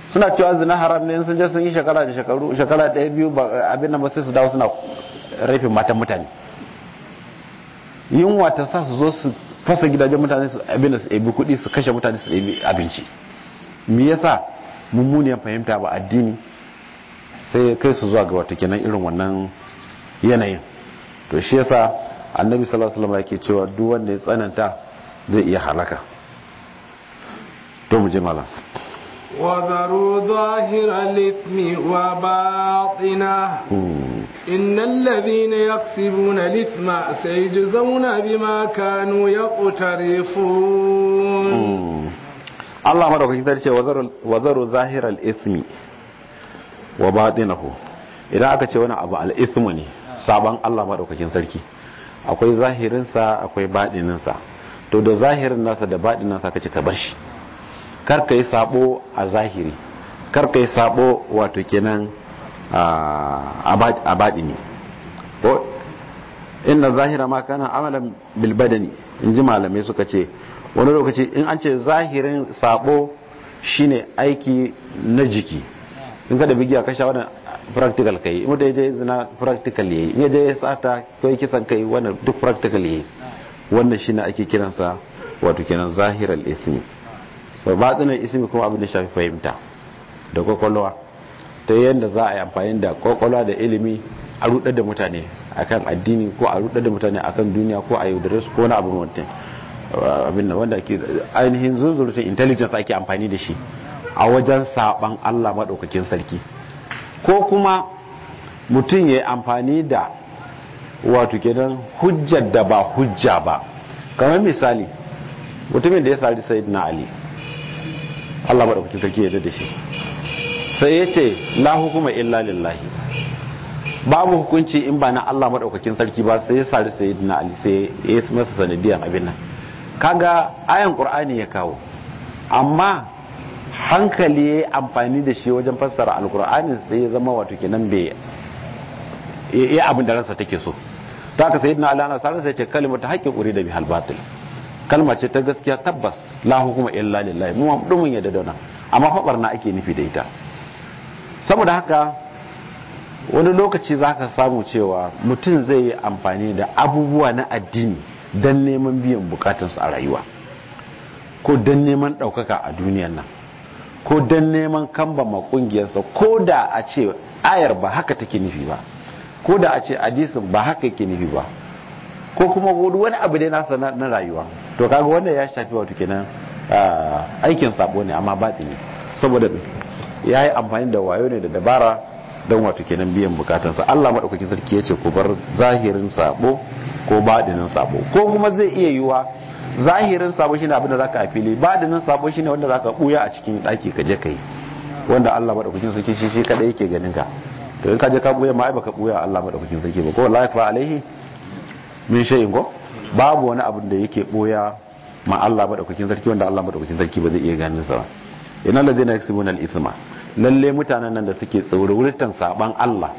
suna cewa zina haram ne sun je sun yi shekara da shekaru shekara ɗaya biyu abin nan ba sai su dawo suna rafin matan mutane yunwa ta sa su zo su fasa gidajen mutane su abinda su ɗabi kuɗi su kashe mutane su ɗabi abinci me yasa mummuniyar fahimta ba addini sai kai su zuwa ga wata kenan irin wannan yanayin to shi yasa annabi sallallahu alaihi wasallam yake cewa duk wanda ya tsananta zai iya halaka to mu je malam
وذروا ظاهر الإثم وباطنه إن الذين يكسبون الإثم سيجزون بما كانوا يقترفون الله
مرحبا كتير ce وذروا ظاهر الإثم wa إذا idan aka ce الإثم abu الله مرحبا ne sabon Allah madaukakin sarki akwai zahirinsa akwai badininsa to da zahirin nasa da ka kace ka bar shi kar ka yi sabo a zahiri kar ka yi sabo wato kenan a ne ko inda zahira ma kana amalan bilbadani in ji malamai suka ce wani lokaci in an ce zahirin sabo shine aiki na jiki in ka da bigiya ka sha wannan practical kai in mutum ya je zina practical yayi in ya je sata ko ya kisan kai wannan duk practical yayi wannan shine ake kiransa wato kenan zahirar ethnic so batsinan ismi kuma abin da shafi fahimta da kwakwalwa ta yadda za a yi amfani da kwakwalwa da ilimi a rudar da mutane akan addini ko a rudar da mutane akan duniya ko a yaudare su ko na uh, abin wantin abin da wanda ake ainihin zunzurutun intelligence ake amfani da shi a wajen saban Allah maɗaukakin sarki ko kuma mutum ya yi amfani da wato kenan hujjar da ba hujja ba kamar misali mutumin da ya sari sayid na ali Allah maɗaukacin sarki ya da shi sai ya ce la hukuma illa lillahi babu hukunci in ba na Allah maɗaukacin sarki ba sai ya sari sai na ali sai ya masa sanadiyan abin nan kaga ayan qur'ani ya kawo amma hankali ya amfani da shi wajen fassara alqur'ani sai ya zama wato kenan bai ya abin da ransa take so ta haka sayyidina ali ana sarin sai ya ce kalimatu haqqi da bihal batil kalma ce ta gaskiya tabbas la hukuma illa lillahi mu dumin yadda da wannan amma fabar na ake nufi da ita saboda haka wani lokaci zaka samu cewa mutum zai yi amfani da abubuwa na addini dan neman biyan bukatunsu a rayuwa ko don neman ɗaukaka a duniyan nan ko dan neman kambama ƙungiyarsa ko da a ce ayar ba haka take nufi ba ko da a ce hadisin ba haka yake nufi ba ko kuma wani abu dai nasa na rayuwa to kaga wanda ya shafi wato kenan aikin sabo ne amma ba batini saboda ya yi amfani da wayo ne da dabara don wato kenan biyan bukatansa Allah maɗaukakin sarki ya ce ku bar zahirin sabo ko badinin sabo ko kuma zai iya yiwa zahirin sabo shine abin da zaka afili fili badinin sabo shine wanda zaka buya a cikin ɗaki ka je kai wanda Allah maɗaukakin sarki shi shi kadai yake ganin ka to in ka je ka buya ma ai baka buya Allah maɗaukakin sarki ba ko wallahi fa alaihi min shay'in ko babu wani abin da yake boya ma Allah madaukakin sarki wanda Allah madaukakin sarki ba zai iya ganin sa ba ina ladina yaksubuna al-ithma lalle mutanen nan da suke wurin saban Allah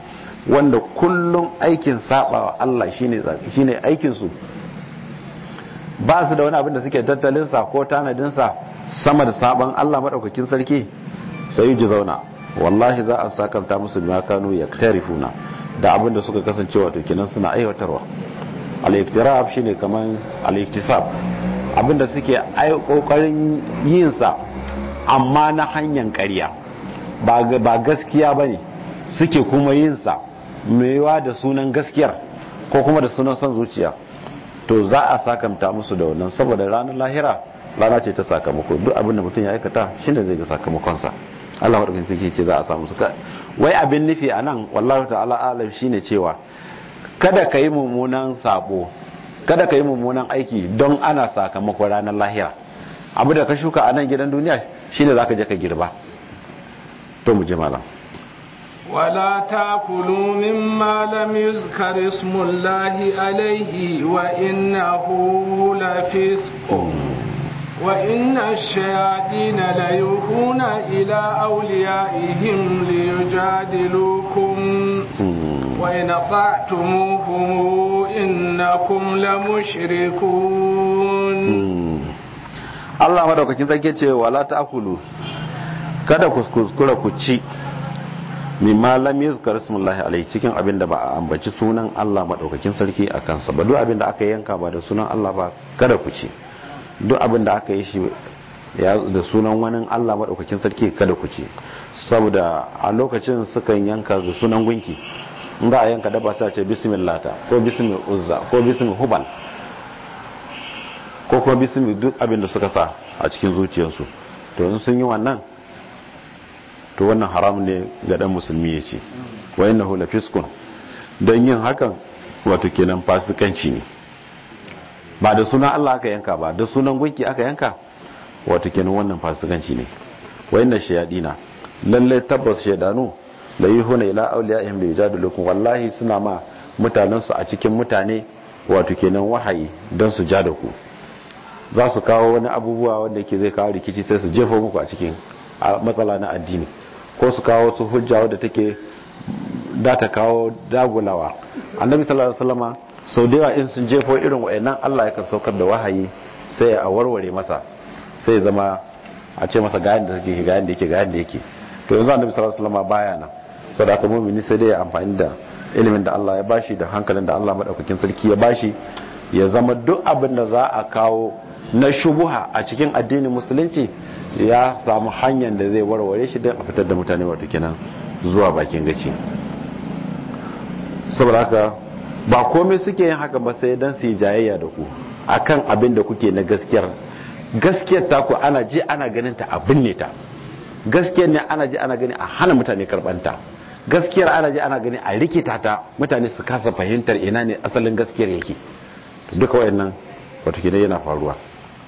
wanda kullun aikin sabawa Allah shine shine aikin su ba su da wani abin da suke tattalin sa ko tanadin sa sama da saban Allah madaukakin sarki sai ji zauna wallahi za a sakanta musu bima kanu yaktarifuna da abin da suka kasance wato kenan suna aiwatarwa al shine kaman al abinda suke ai kokarin yin sa amma na hanyar ƙarya ba gaskiya bane suke kuma yin sa maiwa da sunan gaskiyar ko kuma da sunan son zuciya to za a sakamta musu da wannan saboda ranar lahira rana ce ta sakamako duk abinda mutum ya aikata shine zai ga sakamakonsa Allah wadda kan ce za a samu su wai abin nufi a nan wallahu ta'ala alam shine cewa kada ka yi mummunan sabo kada ka yi mummunan aiki don ana sakamako ranar lahira abu da ka shuka a nan gidan duniya shine zaka je ka girba to mu je malam
ولا تاكلوا مما لم يذكر اسم الله عليه وانه لفسق وان الشياطين ليوحون الى اوليائهم ليجادلوكم وإن أطعتموهم إنكم لمشركون hmm. Allah madaukakin sarki ce wala ta'kulu
kada ku kuskura ku مما لم يذكر اسم الله عليه cikin abin da ba a ambaci sunan Allah madaukakin sarki a kansa ba duk abin da aka yanka ba da sunan Allah ba kada ku ci duk abin da aka yi shi da sunan wani Allah madaukakin sarki kada ku ci saboda a lokacin sukan yanka da sunan gunki Nda a yanka daba sai a ce lata, ko bismil uzza ko bismil hubal ko kuma bismil duk abin da suka sa a cikin zuciyarsu to in sun yi wannan to wannan haram ne ga dan musulmi ya ce wa innahu fiskun. dan yin hakan wato kenan fasikanci ne ba da sunan Allah aka yanka ba da sunan gunki aka yanka wato kenan wannan fasikanci ne wa inna shayadina lalle tabbas shaydanu la yuhuna ila awliyaihim li yujadilukum wallahi suna ma mutanen su a cikin mutane wato kenan wahayi don su ja da ku za su kawo wani abubuwa wanda ke zai kawo rikici sai su jefa muku a cikin matsala na addini ko su kawo su hujja wadda take da ta kawo dagulawa annabi sallallahu alaihi wasallama sau da yawa in sun jefo irin wayannan Allah ya saukar da wahayi sai a warware masa sai zama a ce masa ga yanda yake ga yanda yake ga yanda yake to yanzu annabi sallallahu alaihi wasallama baya nan saboda haka mumini sai dai amfani da ilimin da Allah ya bashi da hankalin da Allah madaukakin sarki ya bashi ya zama duk abin da za a kawo na shubuha a cikin addinin musulunci ya samu hanyar da zai warware shi don a fitar da mutane wato kenan zuwa bakin gaci saboda haka ba komai suke yin haka ba sai don su yi jayayya da ku akan abin da kuke na gaskiyar gaskiyar ta ku ana ji ana ganin ta abin ne ta gaskiyar ne ana ji ana gani a hana mutane karbanta gaskiyar ana ji ana gani a rikita ta mutane su kasa fahimtar ina ne asalin gaskiyar yake duka wayannan wato yana faruwa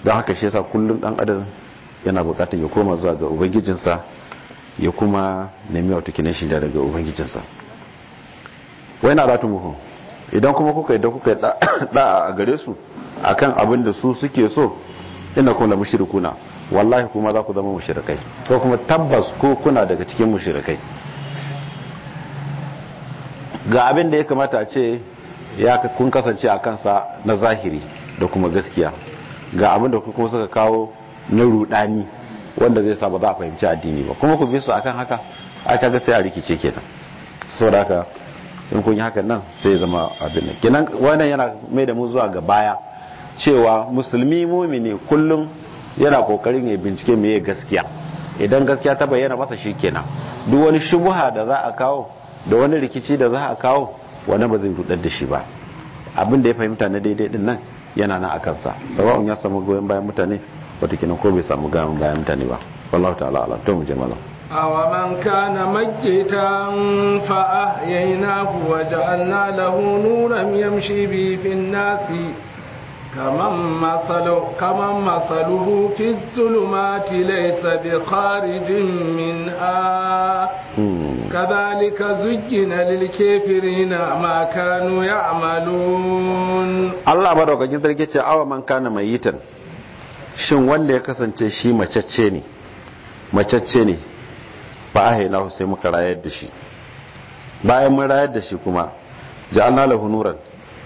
don haka shi yasa kullum dan adam yana bukatar ya koma zuwa ga ubangijinsa ya kuma nemi wato kenan shi daga ubangijinsa wayna ratu muhu idan kuma kuka idan kuka da a gare su akan abin da su suke so ina kuma mushrikuna wallahi kuma za ku zama mushrikai ko kuma tabbas ko kuna daga cikin mushrikai ga abin da ya kamata a ce ya kun kasance a kansa na zahiri da kuma gaskiya ga abin da kuma suka kawo na rudani wanda zai sa ba za a fahimci addini ba kuma ku bi su akan haka aka ga sai a rikice kenan So haka in kun yi hakan nan sai zama abin da kenan wannan yana mai da mu zuwa ga baya cewa musulmi mumini kullum yana kokarin ya bincike mai gaskiya idan gaskiya ta bayyana masa shi kenan duk wani shubuha da za a kawo da wani rikici da za a kawo wani ba zai rudar da shi ba abin da ya fahimta na daidai din nan yana na a kansa sawa'un ya samu goyon bayan mutane watakila ko bai samu goyon bayan mutane ba wallahu ta'ala ala to mu je
kana makitan fa ميتا wa ja'alna lahu nuran yamshi bi fi nasi. كمن مثله, كمن مثله في الظلمات ليس بخارج منها كذلك زجن للكافرين ما كانوا يعملون
الله بارك جل جلاله أو من كان ميتا shin wanda ya kasance shi macacce ne ne ba a haina sai muka rayar da shi bayan mun rayar da shi kuma ja'alna lahu nuran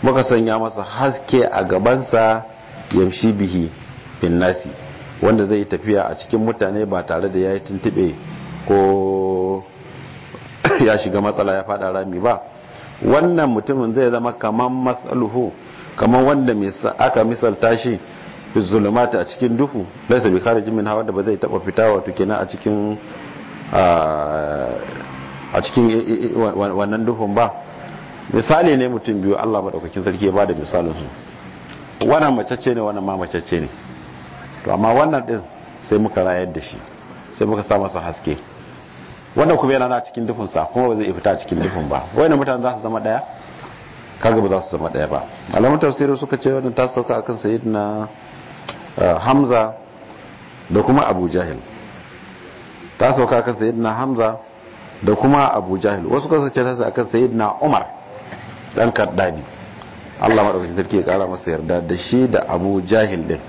muka sanya masa haske a gabansa yamshi bihi bin nasi wanda zai tafiya a cikin mutane ba tare da ya yi tuntube ko ya shiga matsala ya fada rami ba wannan mutumin zai zama kaman matsaluhu kamar wanda aka misalta shi zulumata a cikin duhu laisa bi kare jimin hawa da ba zai taba fita wato kenan a cikin wannan duhun ba misali ne mutum biyu Allah maɗaukakin sarki ya bada misalin su wannan macece ne wannan ma macece ne to amma wannan ɗin sai muka rayar da shi sai muka sa masa haske wannan kuma yana na cikin dufin sa kuma ba zai fita cikin dufin ba wayannan mutane za su zama daya kaga ba za su zama daya ba alamun tafsirin suka ce wannan ta sauka akan sayyidina eh, Hamza da kuma Abu Jahil ta sauka akan sayyidina Hamza da kuma Abu Jahil wasu kasance ta sauka akan sayyidina Umar dan kaddabi Allah madaukakin sarki ya kara masa yarda da shi da Abu Jahil din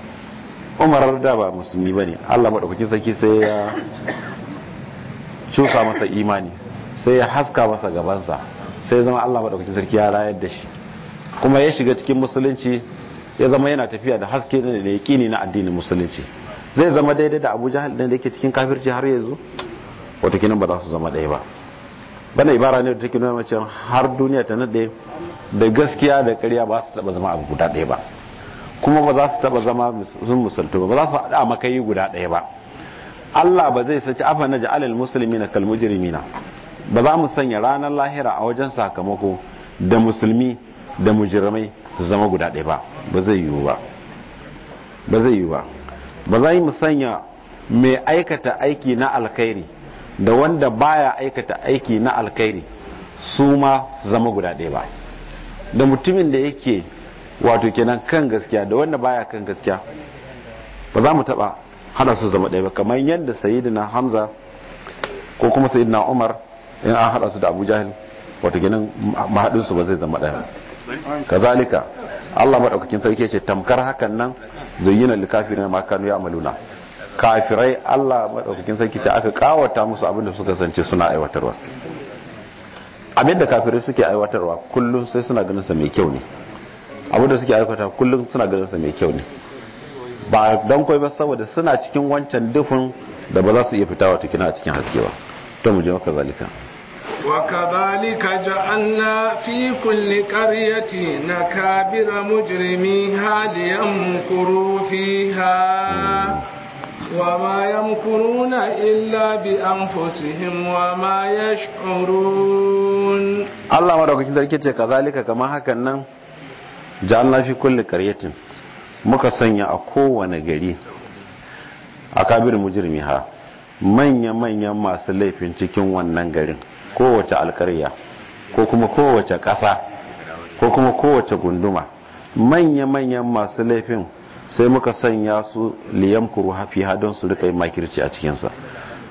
Umar da ba musulmi bane Allah madaukakin sarki sai ya cusa masa imani sai ya haska masa gabansa sai zama Allah madaukakin sarki ya rayar da shi kuma ya shiga cikin musulunci ya zama yana tafiya da haske da yaqini na addinin musulunci zai zama daidai da Abu Jahil din da yake cikin kafirci har yanzu Wato kinan ba za su zama ɗaya ba bana ibara ne da take nuna mace har duniya ta nade da gaskiya da ƙarya ba su taba zama abu guda ɗaya ba kuma ba za su taba zama sun musultu ba za su haɗa makayi guda ɗaya ba Allah ba zai saki afa na ja'alil muslimina kal mujrimina ba za mu sanya ranar lahira a wajen sakamako da musulmi da mujrimai su zama guda ɗaya ba ba zai yiwu ba ba zai yiwu ba ba za mu sanya mai aikata aiki na alkhairi da wanda baya aikata aiki na alkhairi su ma zama guda ɗaya ba da mutumin da yake wato kenan kan gaskiya da wanda baya kan gaskiya ba za mu taba hada su zama ɗaya ba kamar yadda sayidina hamza ko kuma sayidina umar in an hada su da abu jahil wato kenan mahadin su ba zai zama ɗaya kazalika Allah maɗaukakin sarki ce tamkar hakan nan zai yi na likafi ma kanu ya amaluna kafirai Allah madaukakin sarki ce aka kawata musu abinda suka sance suna aiwatarwa abinda kafirai suke aiwatarwa kullum sai suna ganin sa mai kyau ne abinda suke aiwatarwa kullum suna ganin sa mai kyau ne ba don kai ba saboda suna cikin wancan dufin da ba za su iya fitawa kina a cikin haske ba to mu je maka zalika
وكذلك جعلنا في كل قرية نكابر مجرميها ليمكروا فيها وما يمكرون إلا بأنفسهم وما يشعرون
الله مرة كنت ركيت كذلك كما هكذا جعلنا في كل قرية muka sanya a kowane gari a kabir mujirmiha manya-manyan masu laifin cikin wannan garin kowace alkarya ko kuma kowace ƙasa ko kuma kowace gunduma manya-manyan masu laifin sai muka sanya su liyan kuru hafi don su rika yin makirci a cikinsa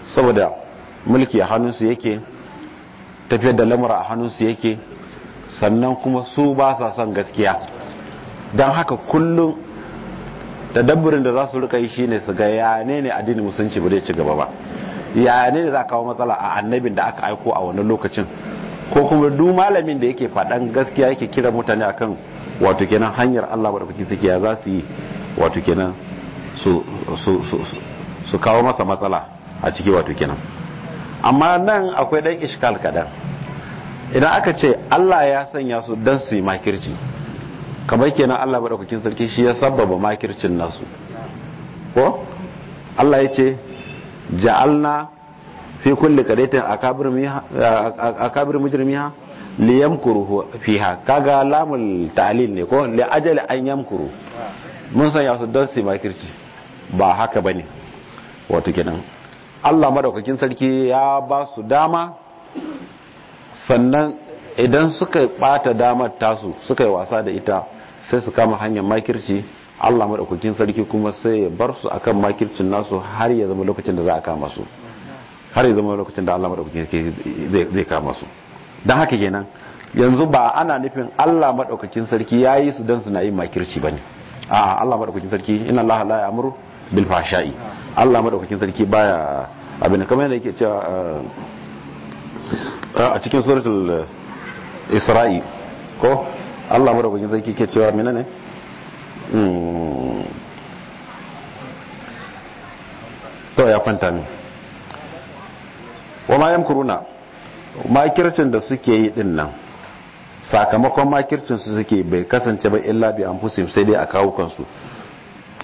saboda mulki a hannunsu yake tafiyar da lamura a hannunsu yake sannan kuma su ba sa son gaskiya don haka kullum da dabburin da za su rika yi shine su ga yane ne addinin musulunci ba zai ci gaba ba yane ne za kawo matsala a annabin da aka aiko a wani lokacin ko kuma duk malamin da yake faɗan gaskiya yake kira mutane akan wato kenan hanyar Allah madaukakin sarki ya za su yi wato kenan su kawo masa matsala a ciki wato kenan amma nan akwai dan iskal kadan idan aka ce Allah ya sanya su dan su yi makirci kamar kenan Allah madaukakin sarki shi ya sabbaba makircin nasu ko Allah ya ce ja'alna fi kulli qaryatin akabir mujrimiha liyamkuru fiha kaga lamul ta'lil ne ko li ajali an yamkuru mun san yasu don su makirci ba haka ba ne wato kenan allah madaukakin sarki ya ba su dama sannan idan suka bata damar tasu suka yi wasa da ita sai su kama hanyar makirci allah madaukakin sarki kuma sai ya bar su akan makircin nasu har ya zama lokacin da za a kama su har ya zama lokacin da allah madaukakin sarki zai kama su don haka kenan yanzu ba ana nufin allah madaukakin sarki ya yi su don suna yin makirci ba ne a ah, Allah madaukakin sarki inna Allah la ya'muru bil fashai Allah madaukakin sarki baya abin kamar yadda yake cewa ah, ah, a cikin suratul eh, Isra'i ko Allah madaukakin sarki yake cewa ne hmm. to ya kwanta ne wa ma yamkuruna kirtin da suke yi din nan sakamakon makircinsu su suke bai kasance ba illa bi anfusihim sai dai a kawo kansu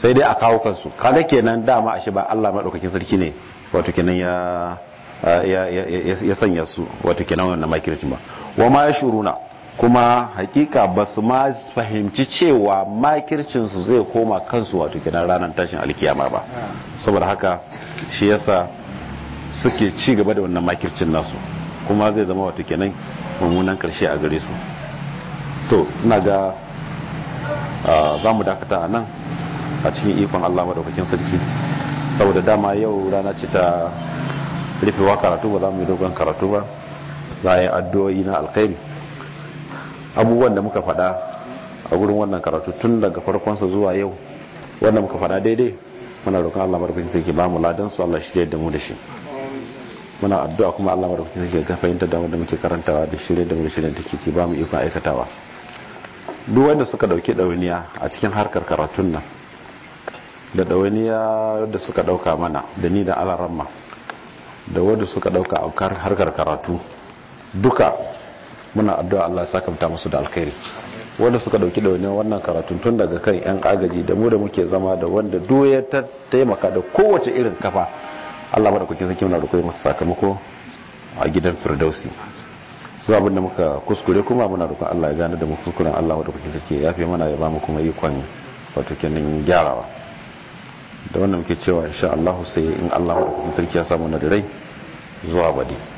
sai dai a kawo kansu kaga kenan dama ashe ba Allah madaukakin sarki ne wato kenan ya ya sanya su wato kenan wannan makircin ba wa ma yashuruna kuma hakika ba su ma fahimci cewa makircin su zai koma kansu wato kenan ranar tashin alkiyama ba saboda haka shi yasa suke ci gaba da wannan makircin nasu kuma zai zama wata kenan mummunan karshe a gare su to ina ga za mu dakata a nan a cikin ikon Allah madaukakin sarki saboda dama yau rana ce ta rufewa karatu ba za mu yi dogon karatu ba za a yi addu'o'i na alkhairi abubuwan da muka faɗa a gurin wannan karatu tun daga farkonsa zuwa yau wanda muka faɗa daidai muna roƙon Allah madaukakin sarki ba mu ladan su Allah shi da mu da shi muna addu'a kuma Allah madaukaki sarki ga fahimta da wanda muke karantawa da shirye da mu shirye take ci ba mu iko aikatawa duk wanda suka dauke dawaniya a cikin harkar karatun nan da dawaniya da suka dauka mana da ni da ramma da wanda suka dauka a harkar karatu duka muna addu'a Allah ya saka musu da alkhairi wanda suka dauki dawaniya wannan karatun tun daga kan yan agaji da mu da muke zama da wanda duk ya taimaka da kowace irin kafa Allah madaukakin sarki muna roƙon masa sakamako a gidan firdausi zuwa abin da muka kuskure kuma muna roƙon Allah ya gane da mu kuskuren Allah madaukakin sarki ya fi mana ya ba mu kuma ikon wato kenan gyarawa da wannan muke cewa insha Allah sai in Allah madaukakin sarki ya samu na da rai zuwa bade